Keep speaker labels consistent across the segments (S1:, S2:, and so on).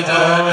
S1: أتيتني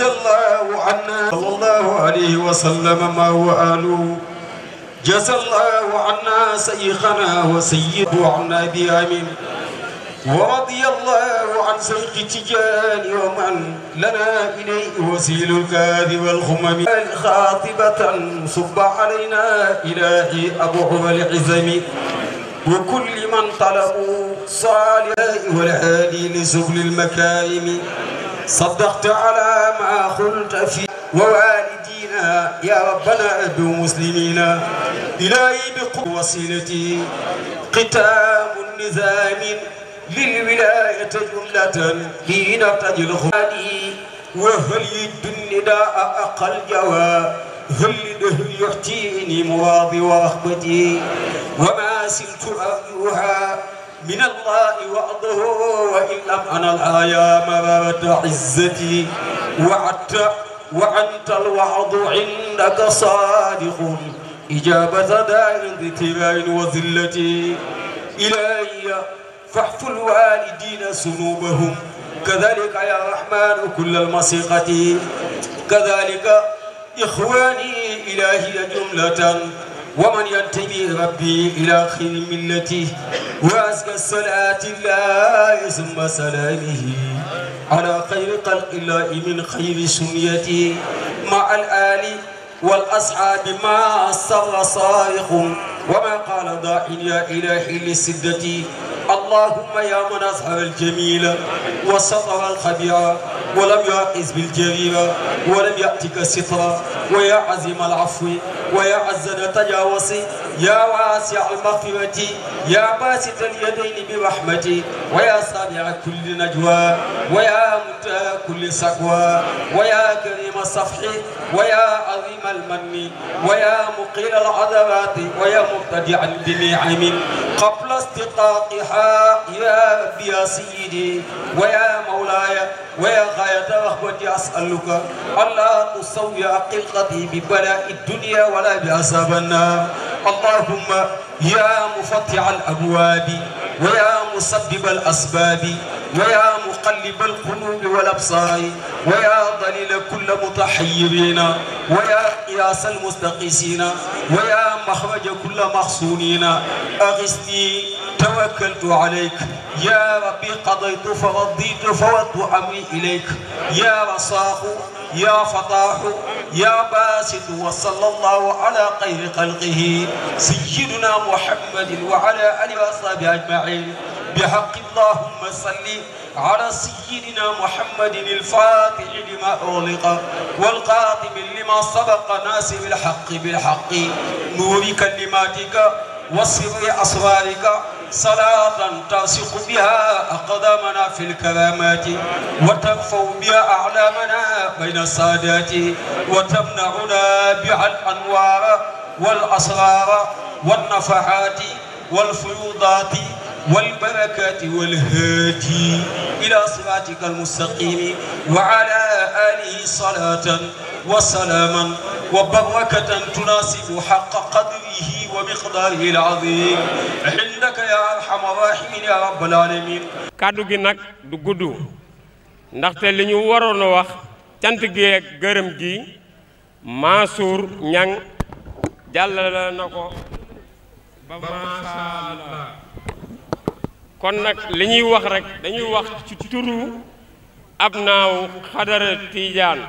S1: رضي الله عنا صلى الله عليه وسلم ما هو آله جزى الله عنا سيخنا وسيده عنا بآمين ورضي الله عن سيق التجان ومن لنا إليه وسيل الكاذب والخمم خاطبة صب علينا إلهي أبو العزم وكل من طلبوا صالح والهادي لسبل المكارم صدقت على ما خلت في ووالدينا يا ربنا رب مسلمين إلهي بقوة وسيلتي قتام النظام للولاية جملة حين تجل خالي وهل يدن داء أقل جوى هل له يعطيني مراضي ورحمتي وما سلت أرجوها من الله وعده وإن لم أنا الآيام بابت عزتي وعدت وأنت الوعد عندك صادق إجابة دار ذتباع وذلتي إلهي فاحف الوالدين ذنوبهم كذلك يا رحمن كل المصيقة كذلك إخواني إلهي جملة ومن ينتمي ربي إلى خير ملتي وأزكى الصلاة الله ثم سلامه على خير خلق الله من خير سميتي مع الآل والأصحاب ما صغى صائق وما قال ضاع يا إلهي لسدتي اللهم يا من أظهر الجميل وسطر الخبير ولم يعز بالجرير ولم يأتك سترا ويا عزيم العفو ويا عز التجاوز يا واسع المغفرة يا باسط اليدين برحمتي ويا سامع كل نجوى ويا منتهى كل سقوى ويا كريم الصفح ويا عظيم المن ويا مقيل العذبات ويا مبتدع بنعم قبل استقاقها يا ربي يا سيدي ويا مولاي ويا غاية رغبتي أسألك ألا تسوي قلقتي ببلاء الدنيا ولا بأسباب النار اللهم يا مفتح الأبواب ويا مسبب الأسباب ويا مقلب القلوب والأبصار ويا ضليل كل متحيرين ويا قياس المستقيسين ويا مخرج كل مخصونين أغثني توكلت عليك يا ربي قضيت فرضيت فوضت أمري إليك يا رصاق يا فتاح يا باسط وصلى الله على خير خلقه سيدنا محمد وعلى آله وأصحابه أجمعين عليه بحق اللهم صل على سيدنا محمد الفاتح لما أغلق والقاطب لما سبق ناس بالحق بالحق نور كلماتك وصف أسرارك صلاة تاسق بها أقدامنا في الكرامات وتنفو بها أعلامنا بين السادات وتمنعنا بها الأنوار والأسرار والنفحات والفيوضات والبركات والهادي إلى صراطك المستقيم وعلى آله صلاة وسلاما وبركة تناسب حق قدره ومقداره العظيم عندك يا أرحم الراحمين يا رب العالمين
S2: kàddu gi nag du gudd ndaxte li ñu waroon a wax cant gi ak gërëm gi Mansour Niang jàllale na ko ba macha Allah kon nag li ñuy wax rekk dañuy wax ci turu ab naaw xadara tiijaan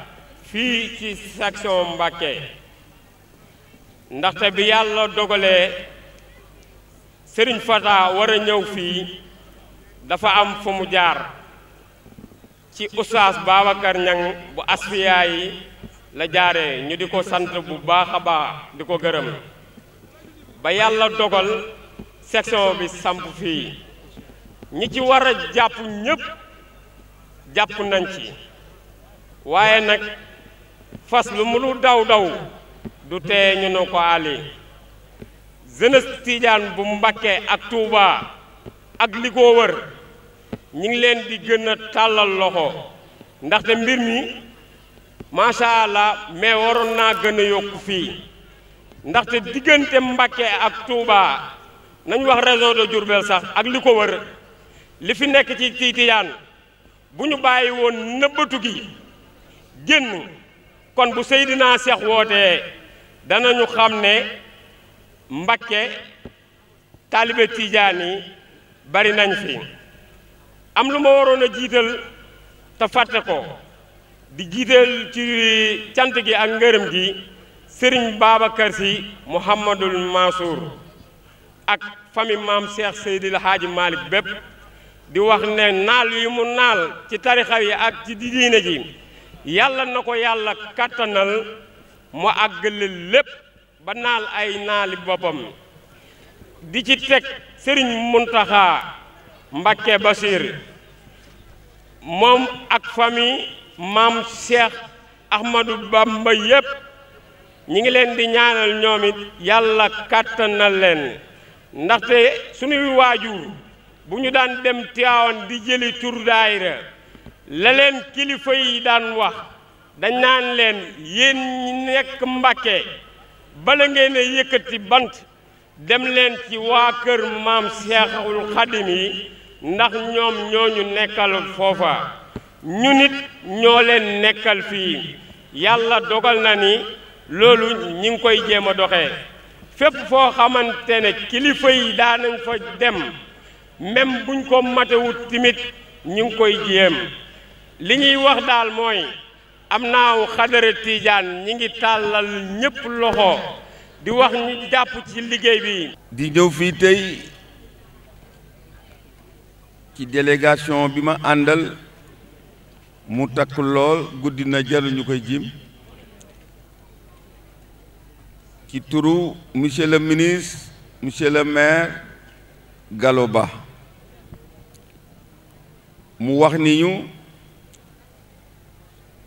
S2: fii ci section Mbàkke ndaxte bi yàlla dogalee sëriñ Fata war a ñëw fii dafa am fu mu jaar ci oustaz Babacar Ñang bu asfiyaa yi la jaaree ñu di ko sant bu baax a baax di ko gërëm ba yàlla dogal section bi samp fii ñi ci war a jàpp ñépp jàpp nañ ci waaye nag fas lu mu daw daw du tee ñu ne ko ali jeunesse tidiane bu Mbakke ak Touba ak li ko wër ñi ngi leen di gën a tàllal loxo ndaxte mbir mi macha allah mais waroon naa gën a yokku fii ndaxte diggante Mbakke ak Touba nañ wax réseau de Diourbel sax ak li ko wër li fi nekk ci ci bu ñu bàyyi woon nëbbatu gi génn kon bu Seydina Cheikh wootee ñu xam ne Mbakke taalibe tijaan bari nañ fi am lu ma waroon a jiital te fàtte ko di jiital ci cant gi ak ngërëm gi sëriñ Babacar si Mouhamadul Mansour ak famille maam Cheikh Seydil Hadji Malick bépp di wax ne naal yi mu naal ci tarixa yi ak ci diine ji yàlla na ko yàlla kàttanal mu àggale lépp ba naal ay naali boppam di ci teg sëriñ Muntaxa Mbakke Basiir moom ak famille maam Cheikh Ahmadou Bamba yépp ñi ngi leen di ñaanal ñoom it yàlla kàttanal leen ndaxte suñuy waajur bu ñu daan dem Tiwaawan di jëli tur daayira la leen kilifa yi daan wax dañ naan leen yéen ñi nekk Mbàkke bala ngeen a bant dem leen ci waa kër maam Seexul Xadim yi ndax ñoom ñooñu nekkal foofa ñu nit ñoo leen nekkal fii yàlla dogal na ni loolu ñi ngi koy jéem a doxee fépp foo xamante ne kilifa yi daanañ fa dem même buñ ko matewut timit ñu ngi koy jéem li ñuy wax daal mooy am naaw xadara tiijaan ñi ngi tàllal ñépp loxo di wax ñu jàpp ci liggéey
S3: bi di ñëw fii tey ci délégation bi ma àndal mu takk lool guddi na jarul ñu jim ci turu monsieur le ministre monsieur le maire galo Ba mu wax ni ñu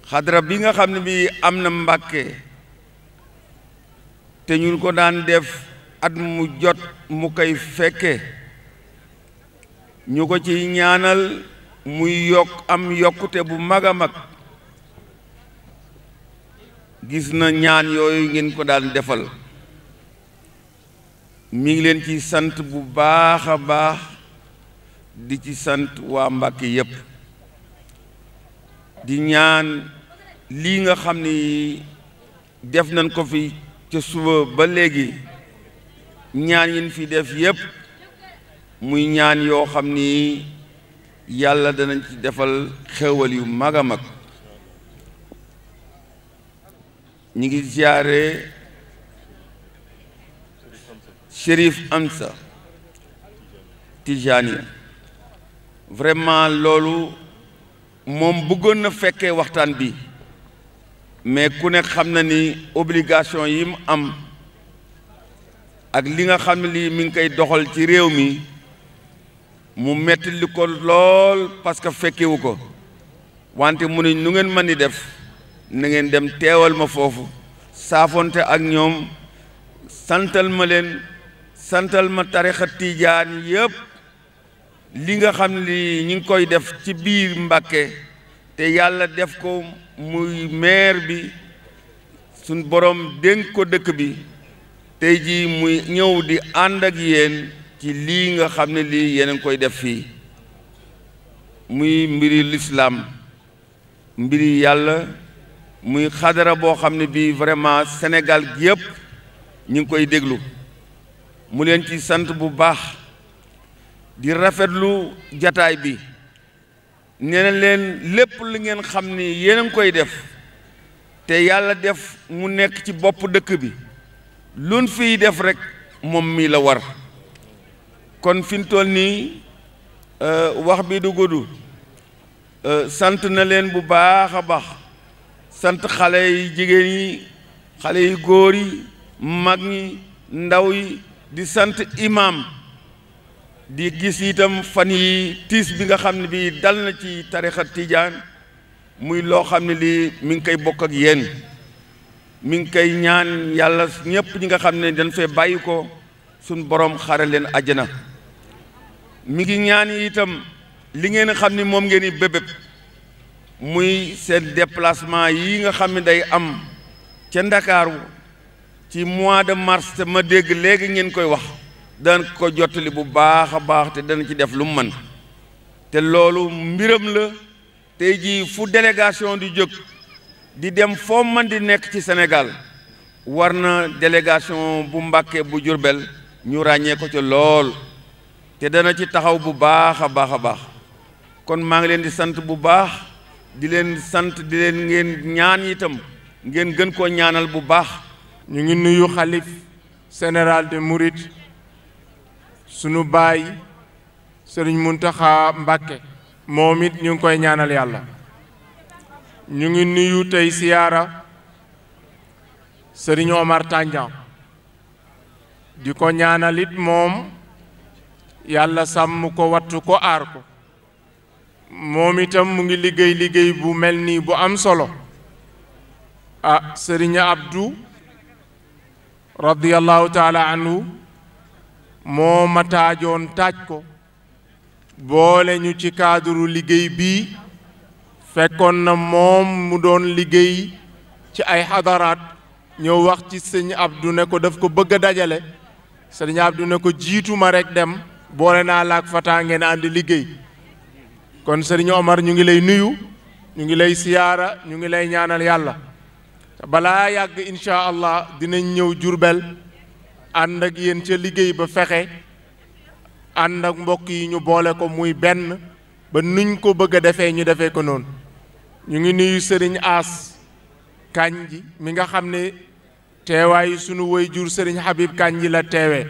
S3: xadara bi nga xam ne bi am na mbàkke te ñun ko daan def at mu jot mu kay fekke ñu ko ci ñaanal muy yokk am yokkute bu mag a mag gis na ñaan yooyu ngeen ko daan defal mi ngi leen ci sant bu baax a baax di ci sant waa Mbàkke yépp di ñaan lii nga xam ni def nañ ko fi ca suba ba léegi ñaan yin fi def yépp muy ñaan yoo xam ni yàlla danañ ci defal xéewal yu mag a mag ñi ngi ziyaare Chérif Amsa Tijaniya vraiment loolu moom bëggoon na fekkee waxtaan bi mais ku nekk xam na ni obligation yi mu am ak li nga xam ne lii mi ngi koy doxal ci réew mi mu metti li ko lool parce que fekkewu ko wante mu ne nu ngeen mën di def na ngeen dem teewal ma foofu saafonte ak ñoom santal ma leen santal ma tarixa tiijaan yëpp li nga xam ne li ñu ngi koy def ci biir Mbàkke te yàlla def ko muy maire bi suñ boroom dénk ko dëkk bi tey jii muy ñëw di ànd ak yéen ci lii nga xam ne lii yéen a ngi koy def fii muy mbiri lislaam mbiri yàlla muy xadara boo xam ne bii vraiment senegal gi yëpp ñu ngi koy déglu mu leen ci sant bu baax di rafetlu jataay bi nee leen lépp lu ngeen xam ni yéen a ngi koy def te yàlla def mu nekk ci bopp dëkk bi luñ fiy def rek moom mi la war kon fi mu toll nii euh, wax bi du gudd euh, sant na leen bu baax a baax sant xale yi jigéen yi xale yi góor yi mag ñi ndaw yi di sant imam di gis itam fan yi tiis bi nga xam ne bi dal na ci tarixa tiijaan muy loo xam ne lii mi ngi koy bokk ak yéen mi ngi koy ñaan yàlla ñëpp ñi nga xam ne dañ fee bàyyi ko suñ borom xare leen àjjana mi ngi ñaan itam li ngeen xam ni moom ngeen di bébéb muy seen déplacement yi nga xam ne day am ca ndakaaru ci mois de mars te ma dégg léegi ngeen koy wax daan ko jottali bu baax a baax te dana ci def lum man te loolu mbiram la tey jii fu délégation di jóg di dem foo man di nekk ci senegal war na délégation bu Mbàkke bu Jurbel ñu ràññee ko ci lool te dana ci taxaw bu baax a baax a baax kon maa ngi leen di sant bu baax di leen sant di leen ngeen ñaan itam ngeen gën koo ñaanal bu baax ñu ngi nuyu xalif général de Mouride
S4: sunu baay sëriñ Muntaxa Mbàkke moom it ñu ngi koy ñaanal yàlla ñu ngi nuyu tey siyaara sëriñ Omar Tandian di ko ñaanalit moom yàlla sàmm ko wattu ko aar ko moom itam mu ngi liggéey liggéey bu mel nii bu am solo ah sëriñ Abdou radiyallahu taala anhu moo ma taajoon taaj ko boole ñu ci cadre liggéey bii fekkoon na moom mu doon liggéey ci ay xadaraat ñëw wax ci sëñ Abdou ne ko daf ko bëgg a dajale sëñ Abdou ne ko jiituma rekk dem boole naa laak fataa ngeen ànd liggéey kon sëriñ Omar ñu ngi lay nuyu ñu ngi lay siyaara ñu ngi lay ñaanal yàlla balaa yàgg incha allah dinañ ñëw Jurbel ànd ak yéen ca liggéey ba fexe ànd ak mbokk yi ñu boole ko muy benn ba nuñ ko bëgg a defee ñu defee ko noonu ñu ngi nuyu sëriñ aas kànji mi nga xam ne teewaayu sunu waajur sëriñ Habib kànji la teewee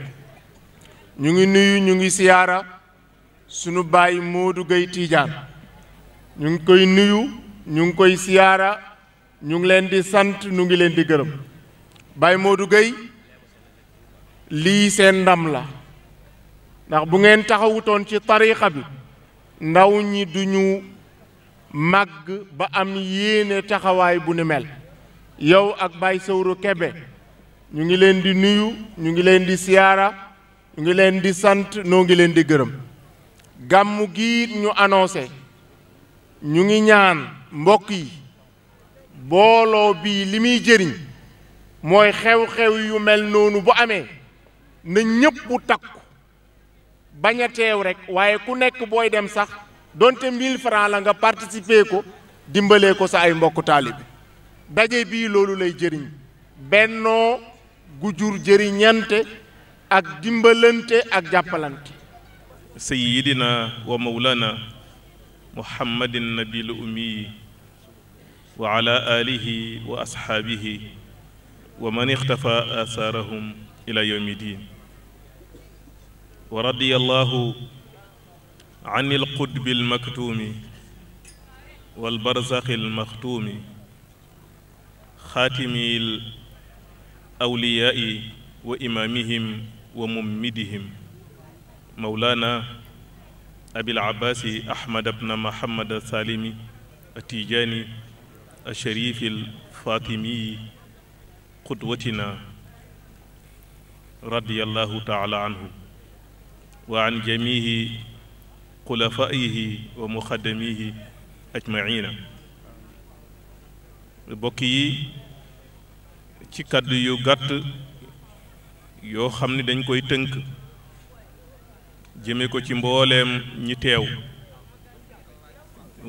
S4: ñu ngi nuyu ñu ngi siyaara sunu baay Modou géy Tidiane ñu ngi koy nuyu ñu ngi koy siyaara ñu ngi leen di sant ñu ngi leen di gërëm baay Modou Gueye lii seen ndam la ndax bu ngeen taxawutoon ci tariqa bi ndaw ñi duñu màgg ba am yéene taxawaay bu ni mel yow ak Baye Sowro Kebe ñu ngi leen di nuyu ñu ngi leen di siyaara ñu ngi leen di sant noo ngi leen di gërëm gàmmu gi ñu annoncé ñu ngi ñaan mbokk yi booloo bii li muy jëriñ mooy xew-xew yu mel noonu bu amee na ñëpp takku bañ rekk waaye ku nekk booy dem sax donte 1000 francs la nga participer ko dimbalee ko sa ay mbokku taalibe daje bii loolu lay jëriñ bennoo gu jur jëriñante ak dimbalante ak jàppalante
S5: sayyidina wa mawlana muhammadin nabil ummi wa ala wa ashaabihi wa man ixtafa asaarahum ila yawmi din wa radiyallahu an ilqutbi almaktuumi walbarzaxi almaxtuumi xaatimi l awliyaai wa imaamihim wa mummidihim mawlaana abil abbaasi ahmad bna muhammad saalimi atijaani asharifi alfaatimiyi qudwatina radiyallahu taala anhu wa an jamihi xulafaihi wa muxadamihi ajmaina bokk yi ci kàddu yu gàtt yoo xam ni dañ koy tënk jëme ko ci mbooleem ñi teew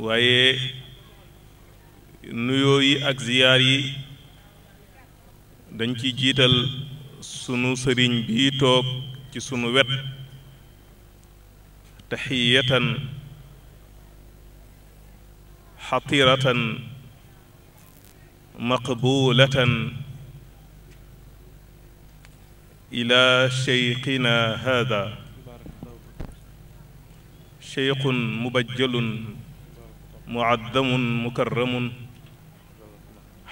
S5: waaye nuyoo yi ak ziyaar yi dañ ciy jiital sunu sëriñ bii toog ci sunu wet taxiyatan xatiratan maqbulatan ila cheyqina hada cheyqun mubajjalun muaddamun mukarramun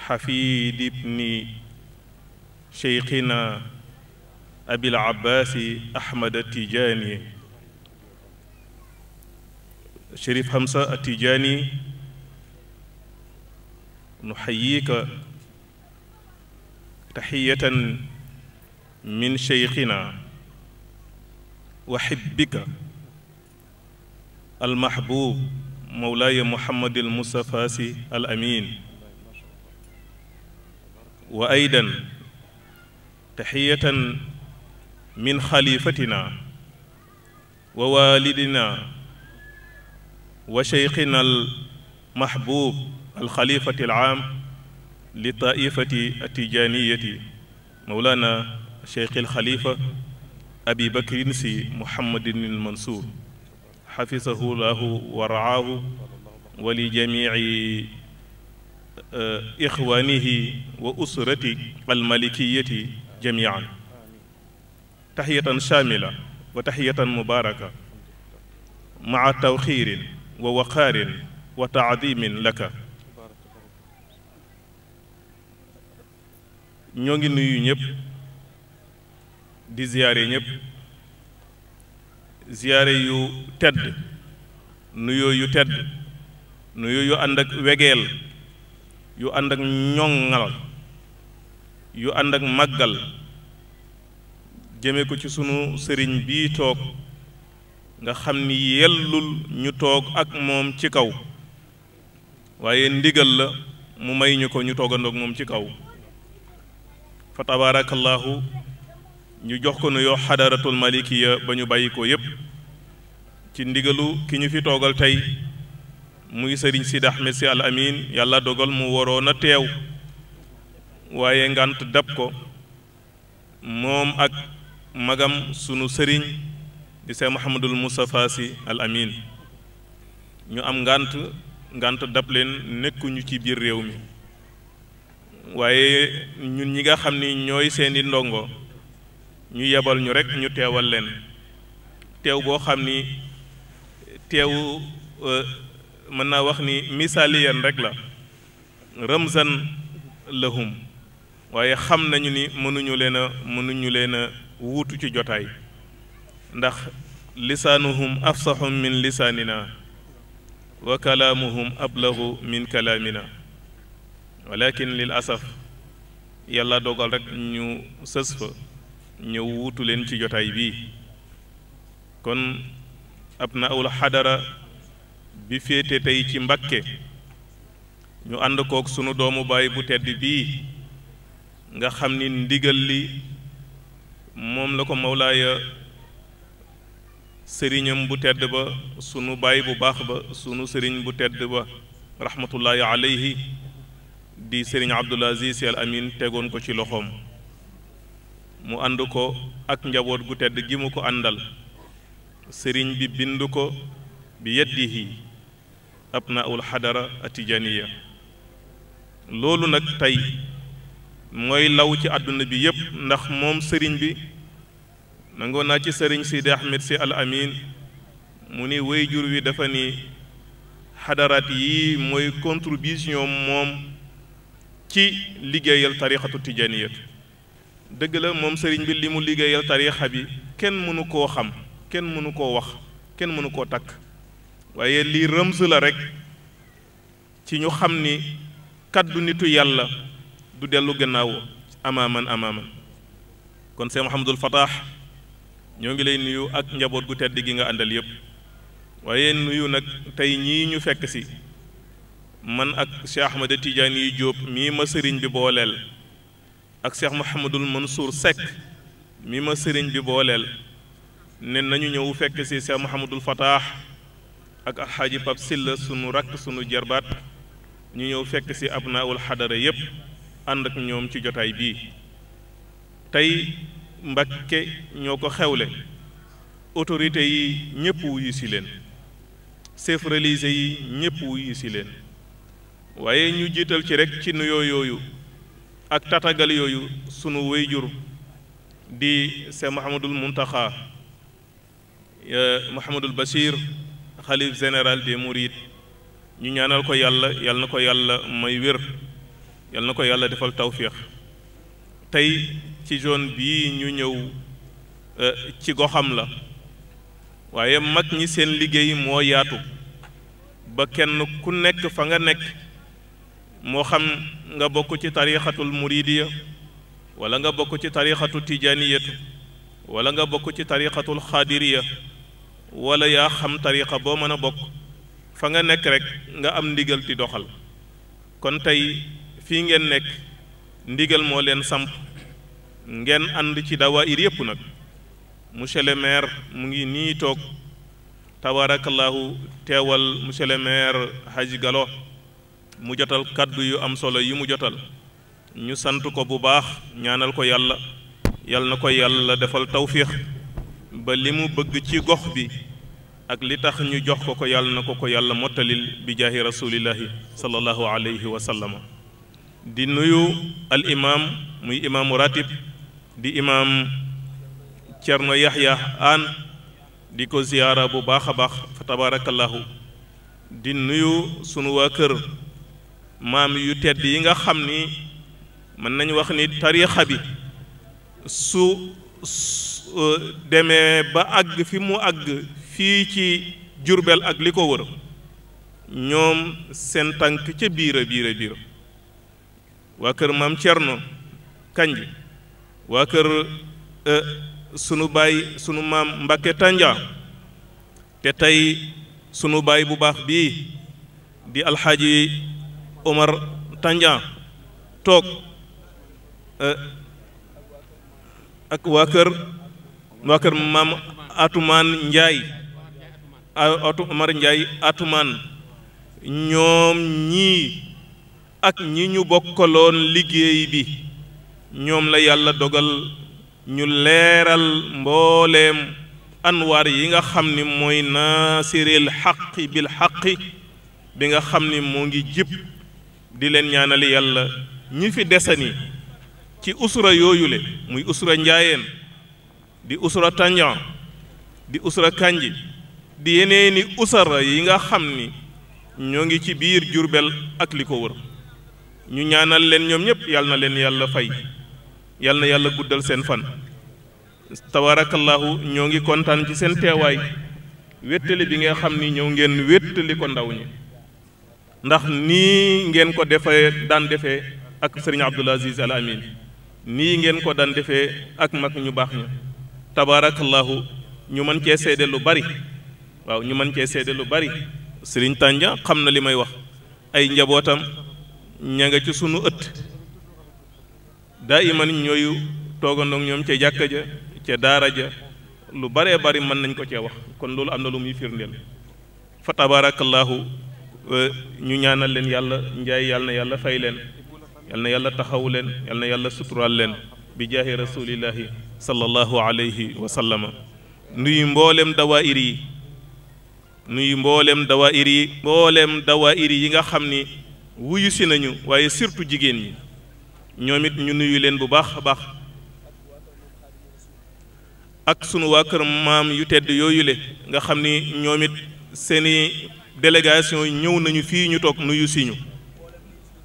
S5: xafid ibni cheyqina abil abbaasi ahmad tijaani Chérif Hamza At-Tidjani nuxayyiika taxiyatan min cheykhina wa xibbika almahbub mawlaaya muhammadil mustafa si al amin wa aydan taxiyatan min xalifatina wa walidina wa cheykhina al mahbub al xalifati al aam li taifati atijaniyati mawlana cheikh al xalifa abi bakrin si muhammadin al mansour xafisahu laahu wa raahu wa li jamici eh, ixwaanihi wa usrati almalikiyati jamian taxiyatan chamila wa taxiyatan mubaraka maa tawxiirin wa waqaarin wa taadimin laka ñoo ngi nuyu ñëpp di ziyaare ñëpp ziyaare yu tedd nuyoo yu tedd nuyoo yu ànd ak wegeel yu ànd ak ñoŋal yu ànd ak màggal jëme ko ci sunu sëriñ bii toog nga xam ni yellul ñu toog ak moom ci kaw waaye ndigal la mu may ñu ko ñu toogandoog moom ci kaw fa tabaarakallaahu ñu jox ko nuyoo xadaratul malikiya ba ñu bàyyi ko yépp ci ndigalu ki ñu fi toogal tey muy sëriñ Sidi Ahmed si al amin yàlla dogal mu waroon a teew waaye ngànt dab ko moom ak magam sunu sëriñ di Seex Muhammadul Moustapha Sy Al Amin ñu am ngànt ngànt dab leen nekkuñu ci biir réew mi waaye ñun ñi nga xam ni ñooy seeni ndongo ñu yebal ñu rekk ñu teewal leen teew boo xam ni teewu euh, mën naa wax ni misaaliyan rek la ramzan lahum waaye xam nañu ni mënuñu leen a mënuñu leen a wuutu ci jotaay ndax lisaanuhum afsaxu min lisaanina wa kalaamuhum ablagu min kalaamina walakin lil yàlla dogal rekk ñu sës fa ñëw wuutu leen ci jotaay bi kon ab na awul xadara bi féete tey ci mbakke ñu ànd kook sunu doomu baay bu tedd bii nga xam ni ndigal li moom la ko mawlaaya sëriñam bu tedd ba sunu baay bu baax ba sunu sëriñ bu tedd ba rahmatullahi alayhi di sëriñ Abdul Aziz Al Amin tegoon ko ci loxoom mu ànd ko ak njaboot gu tedd gi mu ko àndal sëriñ bi bind ko bi yadihi abnaul xadara atijaniya loolu nag tey mooy law ci àdduna bi yépp ndax moom sëriñ bi nangoo naa ci sëriñ Sidi Ahmed si al amin mu ni wéy jur wi dafa ni xadaraat yi mooy contribution moom ci liggéeyal tarixatu tijaniyat dëgg la moom sëriñ bi li mu liggéeyal tarixa bi kenn mënu koo xam kenn mënu koo wax kenn mënu koo takk waaye lii rëms la rek ci ñu xam ni kaddu nitu yàlla du dellu gannaaw amaaman amaaman kon see Mouhamadul Fatah ñoo ngi lay nuyu ak njaboot gu tedd gi nga àndal yëpp waaye nuyu nag tey ñii ñu fekk si man ak Cheikh de Tidiane yi jóob mii ma sëriñ bi booleel ak Cheikh mën suur Seck mii ma sëriñ bi booleel ne nañu ñëw fekk si Cheikh Mouhamadul fataax ak alxaaji Pap Silla sunu rakk sunu jarbaat ñu ñëw fekk si abnaawul xadara yépp ànd ak ñoom ci jotaay bii tey Mbakke ñoo ko xewle autorité yi ñëpp wuyu si leen chefs religieux yi ñëpp wuyu si leen waaye ñu jiital ci rekk ci nuyoo yooyu ak tatagal yooyu sunu jur di se Mouhamadul Muntaxa Mouhamadul Bachir xalif général des Mourides ñu ñaanal ko yàlla yàlla na ko yàlla may wér yàlla na ko yàlla defal tawféex tey ci zone bii ñu ñëw euh, ci goxam la waaye mag ñi seen liggéey moo yaatu ba kenn ku nekk fa nga nekk moo xam nga bokk ci tarixatul muridiya walla nga bokk ci tarixatu tijaniyatu wala nga bokk ci tarixatul xaadiriya wala yaa xam tarixa boo mën a bokk fa nga nekk rek nga am ndigal di doxal kon tey fii ngeen nekk ndigal moo leen samp ngeen ànd ci dawaayir yépp nag monsieur le maire mu ngi nii toog tabaarakallahu teewal monsieur le maire Hadji Gallo mu jotal kàddu yu am solo yi mu jotal ñu sant ko bu baax ñaanal ko yàlla yàlla na ko yàlla defal tawfiix ba li mu bëgg ci gox bi ak li tax ñu jox ko ko yàlla na ko ko yàlla mottalil bi jaahi rasulillahi sallallahu alayhi wa sallam di nuyu al muy imaamu ratib di imaam Cerno Yaxya Aan di ko ziyaara bu baax a baax fa tabaarakallaahu di nuyu sunu waa kër maam yu tedd yi nga xam ni mën nañu wax ni tariixa bi su euh, demee ba àgg fi mu àgg fii ci Jurbel ak li ko wër ñoom seen tànk ca biira biira biira waa kër maam Cerno Kanji waa kër e, sunu baay sunu maam Mbacke Tanja te tey sunu baay bu baax bii di alxaaji Omar Tanja toog e, ak waa kër waa maam Atumaan Njaay atu Omar Njaay Atumaan ñoom ñii ak ñi ñu bokkoloon liggéey bi ñoom la yàlla dogal ñu leeral mbooleem anwaar yi nga xam ni mooy naasiril xaqi bil xaqi bi nga xam ni moo ngi jib di leen ñaanal yàlla ñi fi desani ci usra yooyule muy usra njaayeen di usra tànjan di usra kànji di yeneeni usara yi nga xam ni ñoo ngi ci biir Jurbel ak li ko wër ñu ñaanal leen ñoom ñëpp yàlla na leen yàlla fay yàlla na yàlla guddal seen fan tabaarakallaahu ñoo ngi kontaan ci seen teewaay wéttali bi nga xam ni ñëw ngeen wéttali ko ndaw ñi ndax nii ngeen ko defee daan defee ak sëriñ Abdul Aziz Al Amin nii ngeen ko daan defee ak mag ñu baax ña tabaarakallaahu ñu mën cee seede lu bari waaw ñu mën cee seede lu bari sëriñ Tànja xam na li may wax ay njabootam ña nga ci sunu ëtt daa iman ñooyu toogandoog ñoom ca jàkka ja ca daara ja lu baree bari mën nañ ko cee wax kon loolu am na lu muy firndeel fa tabaarakallaahu e, ñu ñaanal leen yàlla njaay yàlla na yàlla fay leen yàlla na yàlla taxaw leen yàlla yàlla suturaal leen bi jaahi rasulillahi sallallahu alayhi wa sallama nuyu mboolem dawaayir yi nuyu mboolem dawaayir yi dawaa dawaayir yi nga xam ni wuyusi nañu waaye surtout jigéen ñi ñoom it ñu nuyu leen bu baax a baax ak sunu waa kër maam yu tedd yooyule nga xam ni ñoom it seeni délégation ñëw nañu fii ñu toog nuyu siñu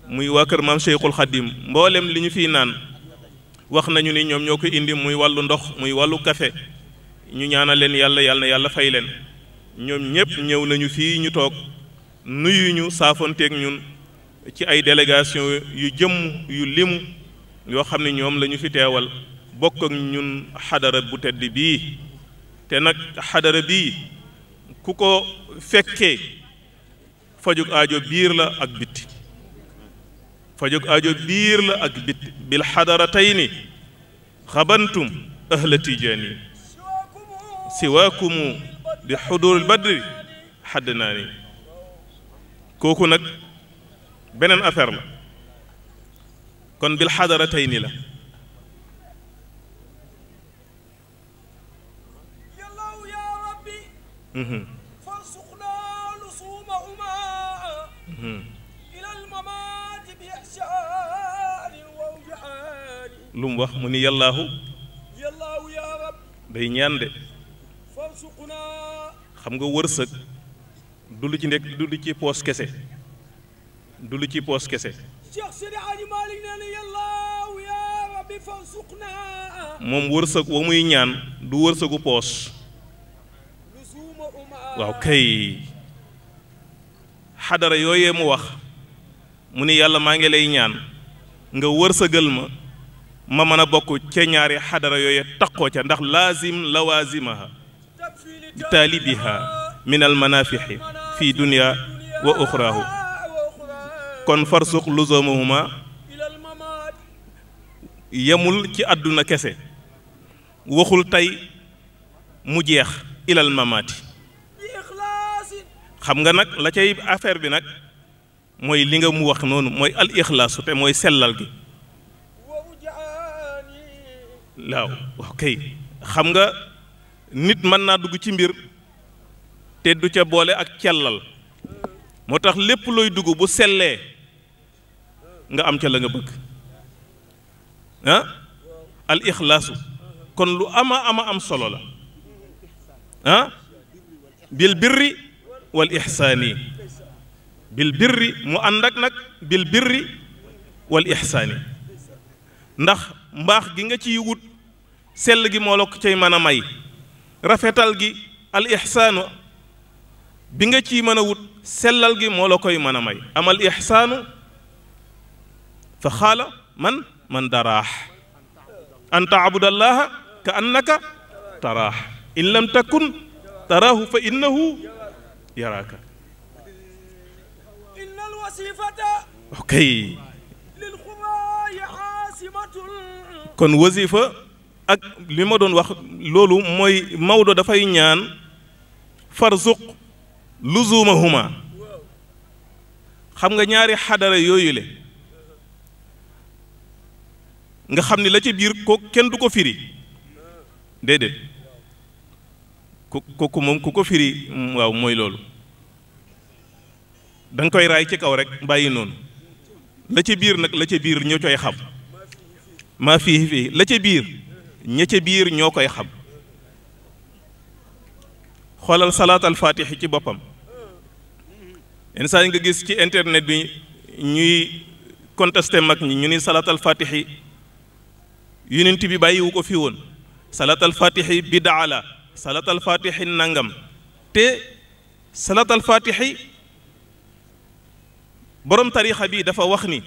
S5: muy waa kër maam Cheikhul Khadim mboolem li ñu fiy naan wax nañu ni ñoom ñoo ko indi muy wàllu ndox muy wàllu kafe ñu ñaanal leen yàlla yàlla yàlla fay leen ñoom ñépp ñëw nañu fii ñu toog nuyuñu saafonteeg ñun ci ay délégation yu jëm yu limu yoo xam ne ñoom lañu fi teewal bokk ñun xadara bu tedd bii te nag xadara bii ku ko fekkee fajug aajo biir la ak bitti fajug aajo biir la ak bitti bil xadaratayni xabantum ahla tijaani siwaakumu bi xuduril badri xadd naa kooku nag beneen affaire la kon bil xadara tey nii la mhm. mhm. lu mu wax mu ni yàllaahu day ñaan de xam nga wërsëg du ci nekk du ci poos kese du lu ci poos kese moom wërsëg wa muy ñaan du wërsëgu poos waaw kay xadara yooyee mu wax mu ni yàlla maa ngi lay ñaan nga wërsëgal ma ma mën a bokk ca ñaari xadara yooyee taqoo ca ndax laazim lawazimaha taalibiha min almanafixi fi dunia wa oxrahu kon farsux luzumahuma yemul ci àdduna kese waxul tey mu jeex ilal mamaati xam nga nag la cay affaire bi nag mooy li nga mu wax noonu mooy al ixlaasu te mooy sellal gi waaw ok xam nga nit mën naa dugg ci mbir te du ca boole ak cellal moo tax lépp looy dugg bu sellee nga am ca la nga bëgg ah al ixlaasu kon lu ama ama am solo la ah bil birri wal ixsaani bil birri mu ànd ak nag bil birri wal ixsaani ndax mbaax gi nga ciy wut sell gi moo la ko mën a may rafetal gi al ixsaanu bi nga ci mën a wut sellal gi moo la koy mën a may amal ixsaanu fa xaala man man daraax an taabudallaha ka annaka taraax in lam takun taraahu fa innahu yaraaka ok kon wasifa ak li ma doon wax loolu mooy Maodo dafay ñaan farzuq luzumahuma xam nga ñaari xadara yooyu le nga xam ni la ci biir ko kenn du ko firi déedéet ku ku moom ku ko firi mm, waaw mooy loolu danga koy raay ci kaw rek bàyyi noonu la ca biir nag la ca biir ñoo koy xam maa fii fii la ca biir ña biir ñoo koy xam xoolal salaat al faatixi ci boppam yenn saa yi nga gis ci internet bi ñuy conteste mag ñi ñu ni salaatal fatihi yonent bi bàyyiwu ko fi woon salaatal fatihi bidaa la salaatal fatihi nangam te salaatal fatihi borom tarixa bi dafa wax ni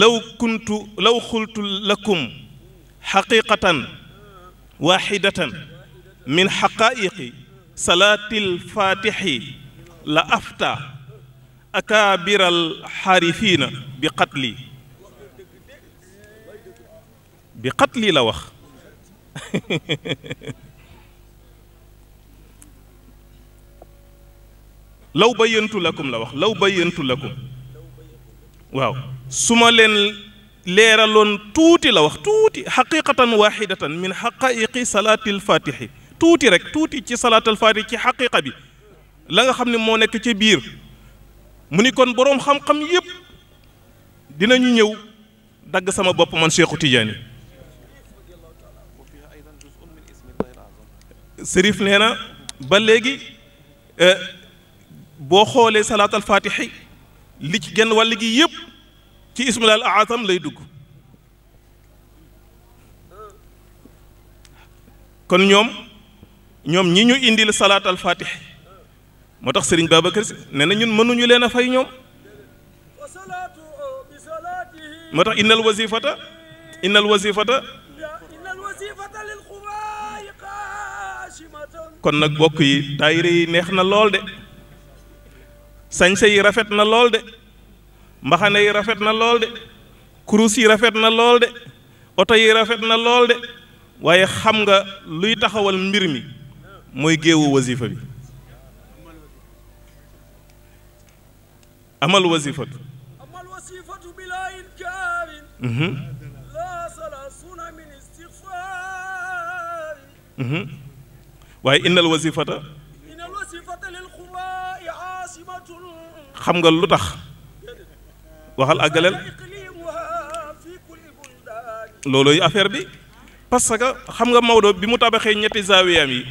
S5: law kuntu law xultu lakum xaqiqatan waxidatan min xaqaiqi salaatil faatixi la afta akaabiral xaarifiina bi xatli bi xatli la wax law bayyantu lakum la wax law bayyantu lakum waaw su ma leen leeraloon tuuti la wax tuuti xaqiqatan waxidatan min xaqaiqi salaatil faatixi tuuti rek tuuti ci salaatal faati ci xaqiqa bi la nga xam ne moo nekk ci biir mu ni kon boroom xam-xam yépp dinañu ñëw dagg sama bopp man Seexu Tijaani sërif nee na ba léegi eh, boo xoolee salaatal faatixi li ci genn wàll gi yépp ci ismilal aazam lay dugg kon ñoom ñoom ñi ñu indil salaat al fatih moo tax sëriñ Babacar Si nee na ñun mënuñu leen a fay ñoom moo tax innal wasifata innal wasifata kon nag bokk yi daayira yi neex na lool de sañse yi rafet na lool de mbaxane yi rafet na lool de kurus yi rafet na lool de oto yi rafet na lool de waaye xam nga luy taxawal mbir mi mooy géewu wasifa bi amal wasifatu mhm. mhm. waaye innal wasifata xam nga lu tax waxal àggaleel loolooy affaire bi parce que xam nga Maodo bi mu tabaxee ñetti zaawiyaam yi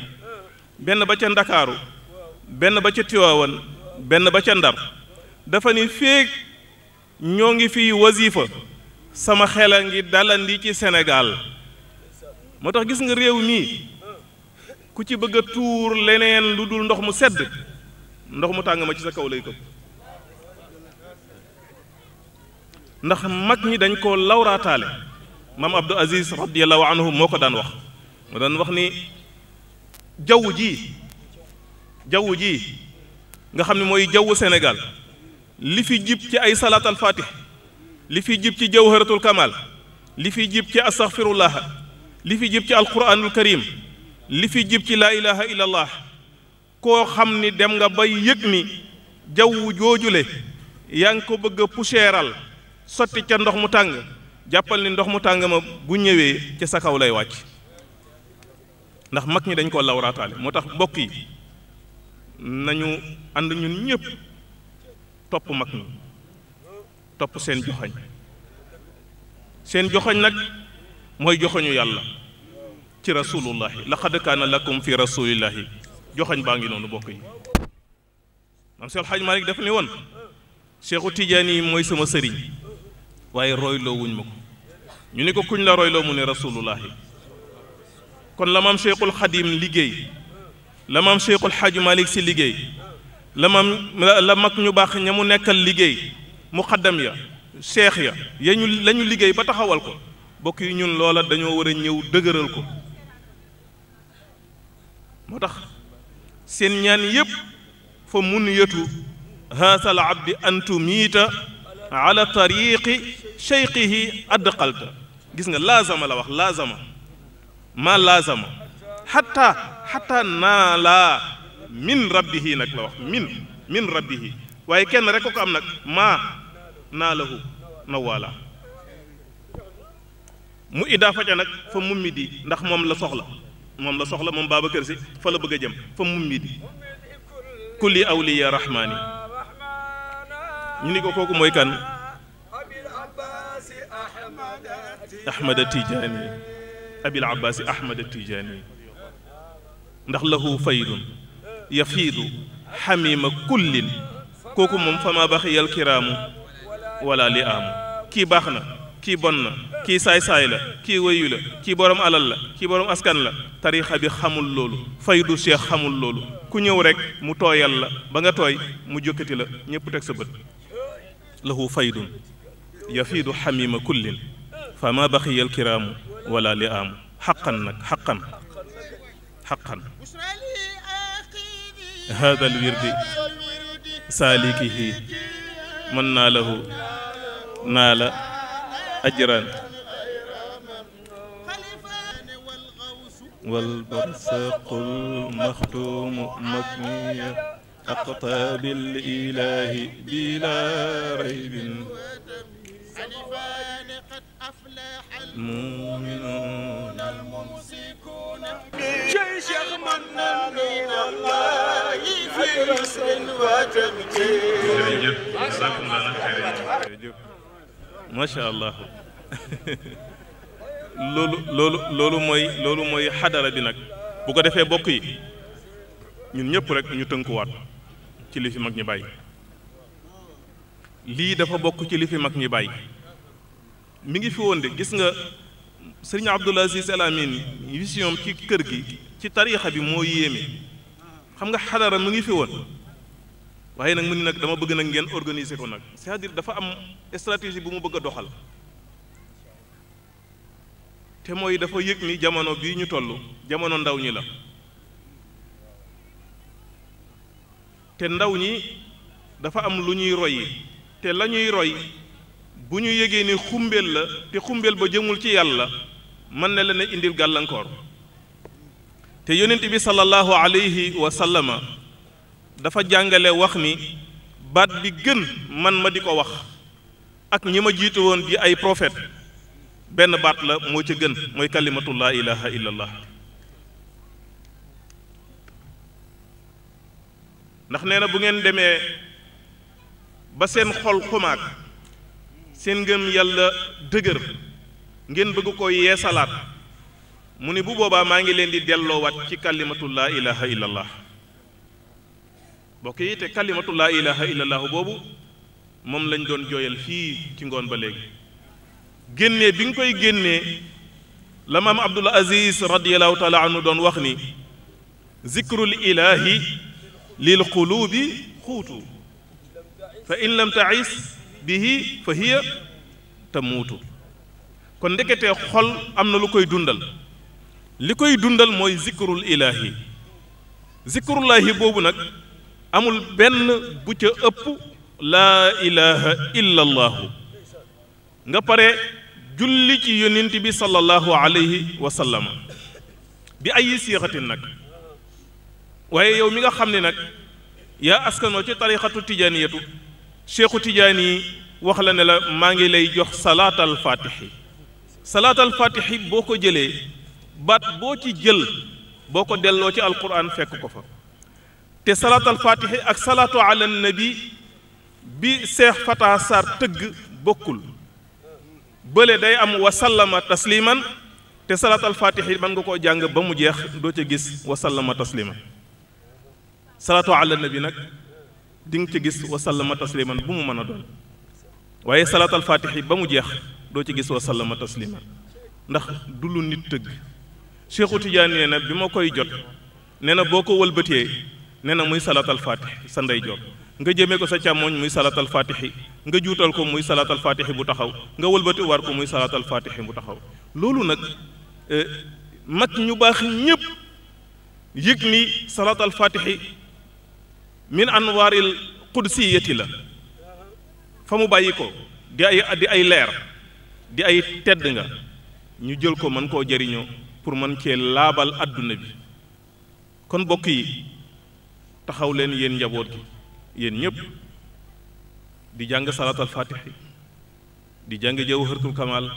S5: benn ba ca ndakaaru benn ba ca tiwaawan benn ba ca ndar dafa ne féeg ñoo ngi fi wasifa sama xel a ngi dalandi ci senegaal moo tax gis nga réew mii ku ci bëgg a tuur leneen lu dul ndox mu sedd ndox mu tàng ma ci sa kaw lay këpp ndax mag ñi dañ koo lawraataale maam Abdou Aziz radiyallahu moo ko daan wax moo daan wax ni jaww ji jaww ji nga xam ne mooy jawwu Sénégal li fi jib ci ay salaat al li fi jib ci jawharatul kamal li fi jib ci astaghfirullah li fi jib ci alquranul karim li fi jib ci laa ilaha illallah koo xam ni dem nga bay yëg ni jaww joojule yaa ngi ko bëgg a puseeral sotti ca ndox mu tàng jàppal ni ndox mu tàng ma bu ñëwee ca sa kaw lay wàcc ndax mag ñi dañ koo lawraataale moo tax mbokk yi nañu ànd ñun ñëpp topp mag ñi topp seen joxañ seen joxañ nag mooy joxoñu yàlla ci rasulullahi laqad kaana lakum fi rasulillahi joxañ baa ngi noonu bokk yi maam Seex Alxaaj Maalik daf ne woon Seexu Tijaani yi mooy sama sëriñ waaye royloo wuñ ma ko ñu ni ko kuñ la royloo mu ne rasulullahi kon la maam Cheikhul Xadim liggéey la maam Cheikhul Xaaju si liggéey la maam la mag ñu baax ña mu nekkal liggéey muqaddam ya seex ya ya ñu liggéey ba taxawal ko bokk yi ñun loola dañoo war a ñëw dëgëral ko moo tax seen ñaan yépp fa mun yetu haasal abdi antu miita ala tariqi cheyqihi adqalta gis nga laazama la wax laazama maa laazama xatta xatta naa laa min rabbihi nag la wax min min rabbihi waaye kenn rek ko ko am nag maa naa lahu nawaala mu idaafa ca nag fa mummi di ndax moom la soxla moom la soxla moom Babacar Si fa la bëgg a jëm fa mummi di kulli awliya rahmaani ñu ni ko kooku mooy kan ahmada tijaani abil abbaasi ahmad tijaani ndax lahu faydun yafiidu xamiima kullin kooku moom fa maa baxiyal kiraamu wala li kii baax na kii bon na kii saay-saay la kii wéyu la kii borom alal la kii borom askan la tariixa bi xamul loolu faydu cheikh xamul loolu ku ñëw rek mu tooyal la ba nga tooy mu jókkati la ñépp teg sa bët lahu faydun yafiidu xamiima kullin fa maa baxiyal kiraamu wala li am xaqan nag xaqan xaqan hada al wirdi saalikihi mën naa lahu naa la ajran walbarsaqul maxtuumu matniya aqtaabil ilaahi bila raybin المؤمنون الممسكون
S1: جيش من من الله في نصر
S5: وتمكين جزاكم الله خير ما شاء الله loolu loolu loolu mooy loolu mooy xadara bi nag bu ko defee bokk yi ñun ñëpp rek ñu tënkuwaat ci li fi mag ñi bàyyi lii dafa bokk ci li fi mag ñi bàyyi mi ngi fi woon de gis nga sëriñ Abdul Aziz Al Amin vision ci kër gi ci tariixa bi moo yéeme xam nga xadara mu ngi fi woon waaye nag mu ni nag dama bëgg nag ngeen organise ko nag cest à dafa am stratégie bu mu bëgg a doxal te mooy dafa yëg ni jamono bii ñu toll jamono ndaw ñi la te ndaw ñi dafa am lu ñuy royi te la ñuy roy bu ñu yégee ne xumbeel la te xumbeel ba jëmul ci yàlla mën na la a indil gàllankoor te yonent bi sallallahu alayhi wa dafa jàngale wax ni baat bi gën man ma di ko wax ak ñi ma jiitu woon di ay prophète benn baat la moo ci gën mooy kalimatu laa ilaha illallah ndax nee na bu ngeen demee ba seen xol xumaag seen ngëm yàlla dëgër ngeen bëgg ko yeesalaat mu ne bu boobaa maa ngi leen di delloowaat ci kalimatu laa ilaha illallah bokk yi boobu moom lañ doon jooyal fii ci ngoon ba léegi génnee bi nga koy génnee la maam abdul aziz radiallahu taala doon wax ni zikrul ilaahi lil xuluubi xuutu fa in lam ta'is bihi fa hiya tamuutu kon ndeketee xol am na lu koy dundal li koy dundal mooy zikrul ilaahi zikrullaahi boobu nag amul benn bu ca ëpp laa ilaha illa allaahu nga pare julli ci yonent bi sallallahu alayhi wa bi ay siixatin nag waaye yow mi nga xam ni nag yaa askanoo ci tarixatu tijaaniyatu cheikhu tijaani wax la ne la maa ngi lay jox salaatal faatixi salaatal faatixi boo ko jëlee baat boo ci jël boo ko delloo ci alquran fekk ko fa te salaatal faatixi ak salaatu ala nabi bi seex fataa tëgg bokkul bële day am wasallama tasliman te salaatal faatixi man nga ko jàng ba mu jeex doo ca gis wasallama tasliman salaatu ala nabi nag di nga ci gis wa sallama tasliman bu mu mën a doon waaye salaatal faatixi ba mu jeex doo ci gis wa sallama tasliman ndax du lu nit tëgg Cheikhu Tidiane nee na bi ma koy jot nee na boo ko wëlbatee nee na muy salaatal faatixi sa ndeyjoor nga jëmee ko sa càmmoñ muy salaatal faatixi nga juutal ko muy salaatal faatixi bu taxaw nga wëlbati war ko muy salaatal faatixi bu taxaw loolu nag eh, mag ñu baax ñépp yëg ni salaatal faatixi min anwaaril qudsiyati la fa mu bàyyi ko di ay di ay leer di ay tedd nga ñu jël ko mën koo jariñoo pour mën cee laabal àdduna bi kon bokk yi taxaw leen yéen njaboot gi yéen ñépp di jàng salaatal faatixi di jàng jawharatul kamal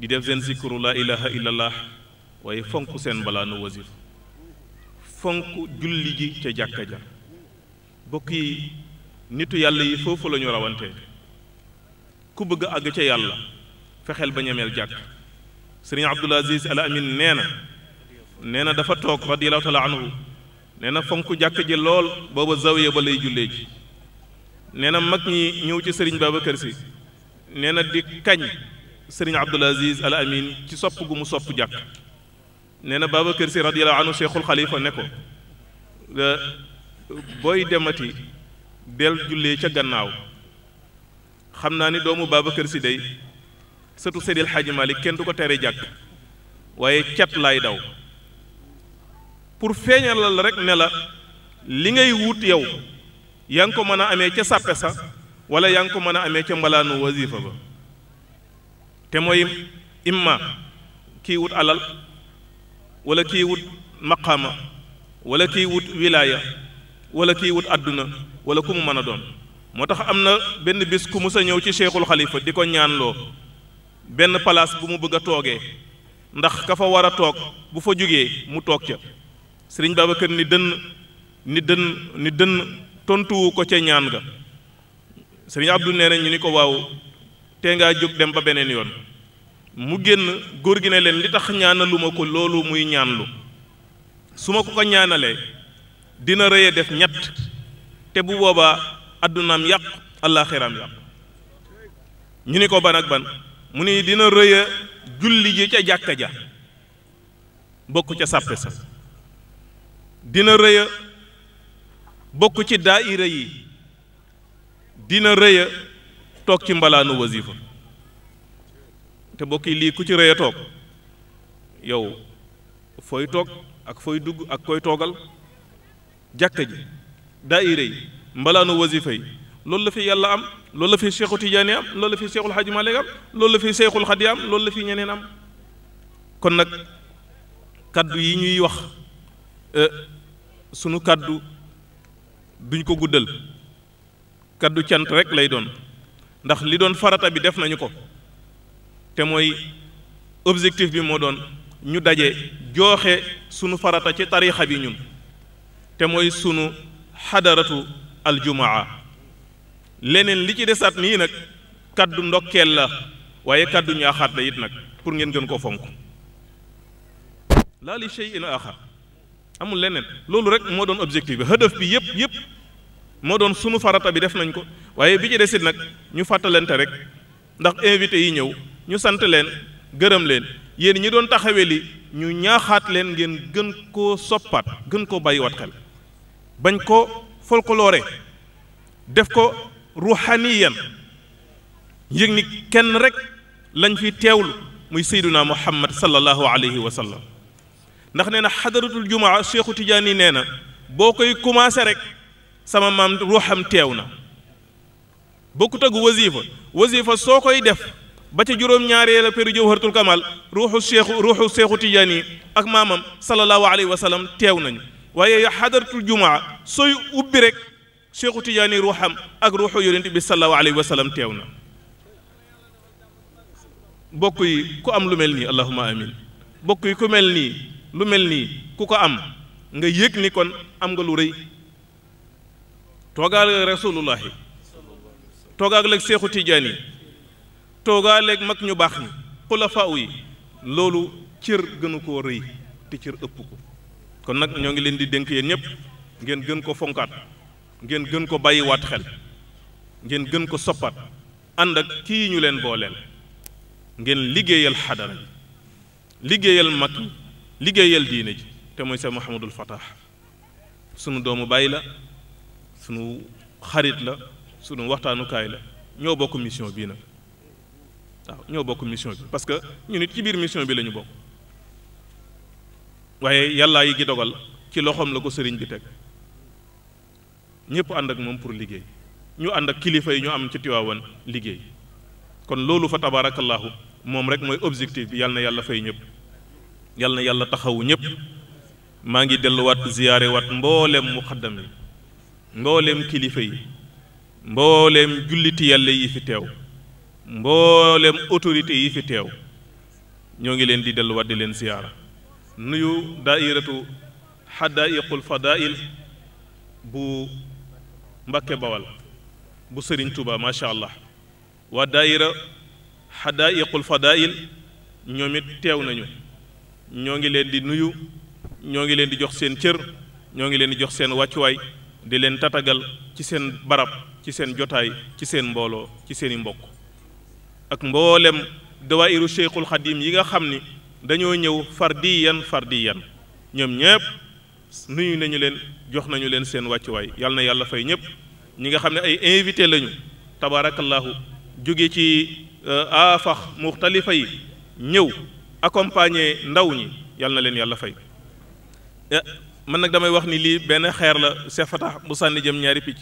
S5: di def seen zikru laa ilaha illallah waaye fonk seen balaa nu fonk julli ji ca jàkka ja bokk yi nitu yàlla yi foofu la ñu rawante ku bëgg àgg ca yàlla fexeel ba ñemeel jàkk sëriñ Abdul Aziz Al Amin nee na nee na dafa toog radiallahu taala anhu nee na fonk jàkk ji lool booba zawiya ba lay jullee ji nee na mag ñi ñëw ci sëriñ Babacar si nee na di kañ sëriñ Abdul Aziz Al Amin ci sopp gu mu sopp jàkk nee na Babacar si radiallahu anhu cheikhul xalifa ne ko booy demati del jullee ca gannaaw xam naa ni doomu Babacar Si day sëtu Seydil Xaaji Malik kenn du ko tere jàkk waaye cat lay daw pour feeñalal rek ne la li ngay wut yow yaa ngi ko mën a amee ca sàppe sa wala yaa ngi ko mën a amee ca mbalaanu wasifa ba te mooy imma kii wut alal wala kii wut maqaama wala kii wut wilaaya wala kiy wut àdduna wala ku mu mën a doon moo tax am na benn bis ku mus sa ñëw ci cheikhul xalifa di ko ñaanloo benn palaas bu mu bëgg a toogee ndax ka fa war a toog bu fa jógee mu toog ca sëriñ Babacar ni dënn ni dënn ni dënn tontuwu ko ca ñaan ga sëriñ Abdou nee na ñu ni ko waaw tee ngaa jóg dem ba beneen yoon mu génn góor gi ne leen li tax ñaanaluma ko loolu muy ñaanlu su ma ko ko ñaanalee dina rëy def ñett te bu boobaa addunaam yàqu allaaxiraam yàqu ñu ni ko ban ak ban mu ni dina rëy a julli ji ca jàkka ja bokk ca sàppe sa dina rëy bokk ci daayira yi dina rëy toog ci mbalaanu wasifa te bokk yi lii ku ci rëy a toog yow fooy toog ak fooy dugg ak koy toogal jàkka ji daayira yi mbalaanu wasifa yi loolu la fi yàlla am loolu la fi Seexu Tijaani am loolu la fi Seexul Xaaji Maalik am loolu la fi Seexul Xadiim am loolu la fi ñeneen am kon nag kaddu yi ñuy wax e, sunu kàddu duñ ko guddal kaddu cant rek lay doon ndax li doon farata bi def nañu ko te mooy objectif bi moo doon ñu daje jooxe sunu farata ci tariixa bi ñun te mooy sunu xadaratu aljumaa leneen li ci desaat nii nag kaddu ndokkeel la waaye kàddu ñaaxaat la it nag pour ngeen gën koo fonk laa li shay'in axar amul leneen loolu rek moo doon objectif bi hëdëf bi yëpp yëpp moo doon sunu farata bi def nañ ko waaye bi ci desit nag ñu fàttalante rek ndax invité yi ñëw ñu sant leen gërëm leen yéen ñi doon taxawee li ñu ñaaxaat leen ngeen gën koo soppaat gën koo wat xel bañ ko folklore def ko ruuxaniyan yëg ni kenn rek lañ fi teewul muy seyduna muhammad sallallahu alayhi wa sallam ndax nee na xadaratul jumaa cheikhu tijaani nee na boo koy commencé rek sama maam ruuxam teew na bokkut ak wasifa wasifa soo koy def ba ca juróom-ñaareela peru jawharatul kamal ruuxu cheikhu ruuxu cheikhu tijaani ak maamam sallallahu alayhi wa sallam teew nañu waaye ya xadaratul jumaa sooy ubbi rek Seexu Tijaani ruuxam ak ruuxu yonent bi sallallahu alayhi wa sallam teew na bokk yi ku am lu mel nii allahuma amin bokk yi ku mel nii lu mel nii ku ko am nga yëg ni kon am nga lu rëy toogaal ak rasulullahi toogaal ak Seexu Tijaani toogaal ak mag ñu baax ñi xulafaa yi loolu cir gënu koo rëy te cër ëpp ko kon nag ñoo ngi leen di dénk yéen ñëpp ngeen gën ko fonkaat ngeen gën ko bàyyiwaat xel ngeen gën ko soppaat ànd ak kii ñu leen booleel ngeen liggéeyal xadara liggéeyal mag yi liggéeyal diine ji te mooy Seex Muhammadul Fatah sunu doomu bàyyi la sunu xarit la sunu waxtaanukaay la ñoo bokk mission bii nag waaw ñoo bokk mission bi parce que ñu nit ci biir mission bi la ñu bokk waaye yàllaa yi gi dogal ci loxoom la ko sëriñ bi teg ñëpp ànd ak moom pour liggéey ñu ànd ak kilifa yi ñu am ci Tiwaawan liggéey kon loolu fa tabaarakallaahu moom rek mooy objectif bi yal na yàlla fay ñëpp yal na yàlla taxawu ñëpp maa ngi delluwaat ziyaare mbooleem muqaddam yi mbooleem kilifa yi mbooleem julliti yàlla yi fi teew mbooleem autorité yi fi teew ñoo ngi leen di delluwaat di leen ziyaara nuyu daairatu xadaayiqul fadail bu mbakke Bawal bu Sëriñ tubaa macha allah waa daaira xadaayiqul fadail ñoom it teew nañu ñoo ngi leen di nuyu ñoo ngi leen di jox seen cër ñoo ngi leen di jox seen wàccuwaay di leen tatagal ci seen barab ci seen jotaay ci seen mbooloo ci seeni mbokk ak mboolem dawaayiru Cheikhul Xadim yi nga xam ni dañoo ñëw far far di di yan ñoom ñépp nuyu nañu leen jox nañu leen seen wàccuwaay yal na yàlla fay ñépp ñi nga xam ne ay invité lañu tabaarakallaahu jóge ci euh, aafax muxtalifa yi ñëw accompagner ndaw ñi yal na leen yàlla fay eh, man nag damay wax ni lii benn xeer la Cheikh Fatah bu sànni jëm ñaari picc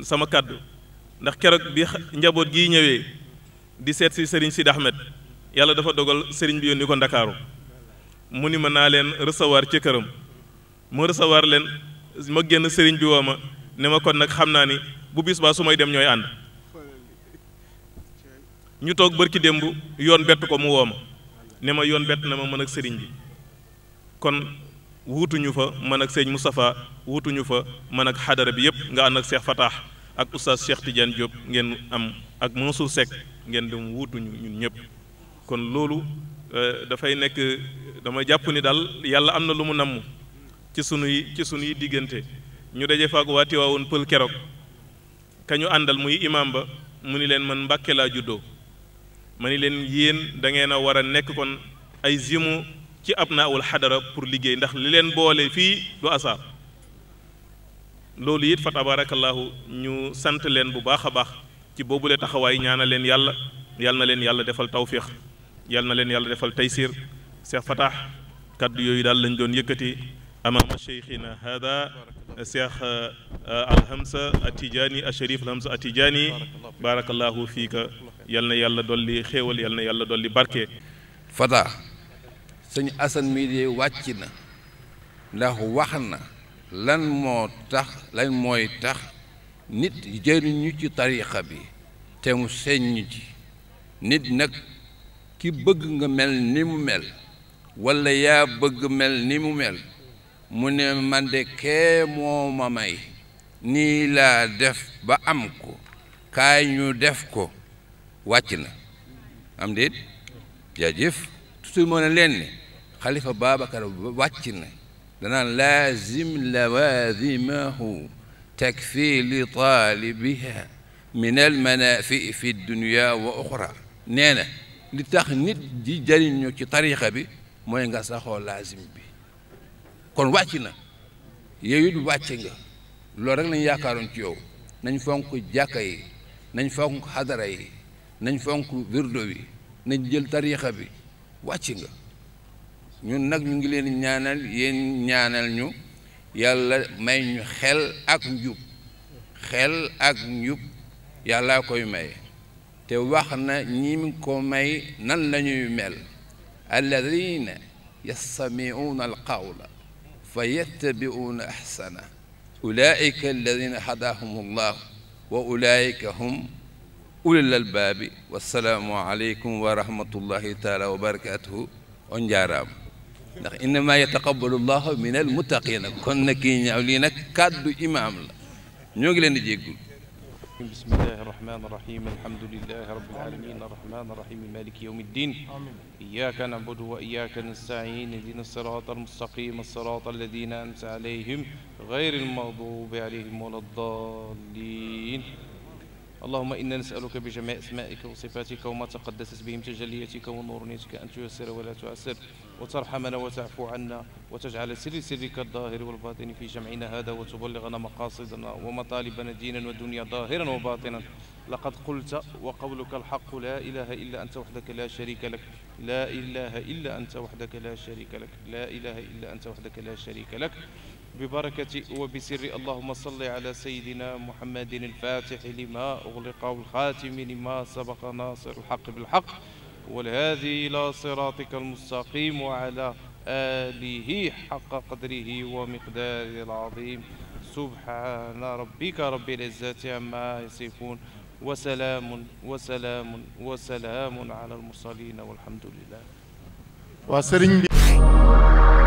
S5: sama kàddu ndax keroog bi njaboot gi ñëwee di seet si Serigne Sidi Ahmed yàlla dafa dogal sëriñ bi yónni ko ndakaaru mu ni ma naa leen recevoir ci këram mu recevoir leen ma génn sëriñ bi woo ma ne ma kon nag xam naa ni bu bis baa su may dem ñooy ànd ñu toog bërki démb yoon bett ko mu woo ma ne ma yoon bett na ma mën ak sëriñ bi kon wuutuñu fa mën ak sëñ Moustapha wuutuñu fa man ak xadara bi yëpp nga ànd ak Cheikh fataax ak oustaz Cheikh Tidiane Diop ngeen am ak Mansour Seck ngeen dem wuutuñu ñun ñëpp kon loolu euh, dafay nekk dama jàpp ni daal yàlla am na lu mu namm ci sunuy ci sunuy diggante ñu daje faak waa Tiwaawoon pël keroog ka àndal muy imaam ba mu ni leen man Mbàkke laa juddoo ma ni leen yéen da ngeen a war a nekk kon ay zimu ci ab naawul xadara pour liggéey ndax li leen boole fii du asaar loolu it fa tabaarakallaahu ñu sant leen bu baax a baax ci boobu boobule taxawaay ñaana leen yàlla yàlla na leen yàlla defal tawfiix yal na leen yàlla defal taysir Cheikh Fatah kàddu yooyu daal lañ doon yëkkati amaama cheikhina hada Cheikh euh, alhamsa atijani asharif alhamsa atijani barakallahu fiika yal na yàlla dolli
S6: xéewal yal na yàlla dolli barke Fatah sëñ Asan mii de wàcc na ndax wax na lan moo tax lan mooy tax nit jëriñu ci tariixa bi te mu seññ ci nit nag ki bëgg nga mel ni mu mel walla yaa bëgg mel ni mu mel mu ne man de moo ma may nii la def ba am ko kaay def ko wàcc na am déet jaajëf toujours moo ne leen ne xalifa Babacar wàcc na danaan laazim lawazimahu takfi li taalibiha min almanafi fi dunya wa oxra nee na li tax nit di jariñu ci tariixa bi mooy nga saxoo laazim bi kon wàcc na yow wàcc nga loolu rek lañ yaakaaroon ci yow nañ fonk jàkka yi nañ fonk xadara yi nañ fonk wirdo yi nañ jël tariixa bi wàcc nga ñun nag ñu ngi leen ñaanal yéen ñaanal ñu yàlla may ñu xel ak njub xel ak njub yàlla koy maye te wax na ñi mi ko may nan la ñuy mel alladina yastamiuuna alqawla fa yattabiuuna axsana ulaika alladina hadahum llah wa ulaika hum ulul albaabi wassalaamu aleykum wa rahmatullahi taala wa barakatuhu on njaaraam ndax innama yataqabalu llahu min almuttaqina kon na kii ñaaw lii nag kàddu imaam la ñoo ngi leen di jéggul
S7: الرحيم بسم الله الرحمن الرحيم الحمد لله رب العالمين الرحمن الرحيم مالك يوم الدين إياك نعبد وإياك نستعين اهدنا الصراط المستقيم الصراط الذين أنعمت عليهم غير المغضوب عليهم ولا الضالين اللهم إنا نسألك بجميع أسمائك وصفاتك وما تقدست بهم تجلياتك ونور نيتك أن تيسر ولا تعسر وترحمنا وتعفو عنا وتجعل سر سرك الظاهر والباطن في جمعنا هذا وتبلغنا مقاصدنا ومطالبنا دينا ودنيا ظاهرا وباطنا لقد قلت وقولك الحق لا إله إلا أنت وحدك لا شريك لك لا إله إلا أنت وحدك لا شريك لك لا إله إلا أنت وحدك لا شريك لك ببركة وبسر اللهم صل على سيدنا محمد الفاتح لما أغلق والخاتم لما سبق ناصر الحق بالحق والهادي إلى صراطك المستقيم وعلى آله حق قدره ومقداره العظيم سبحان ربك رب العزة عما يصفون وسلام وسلام وسلام على المرسلين والحمد لله
S4: وسرين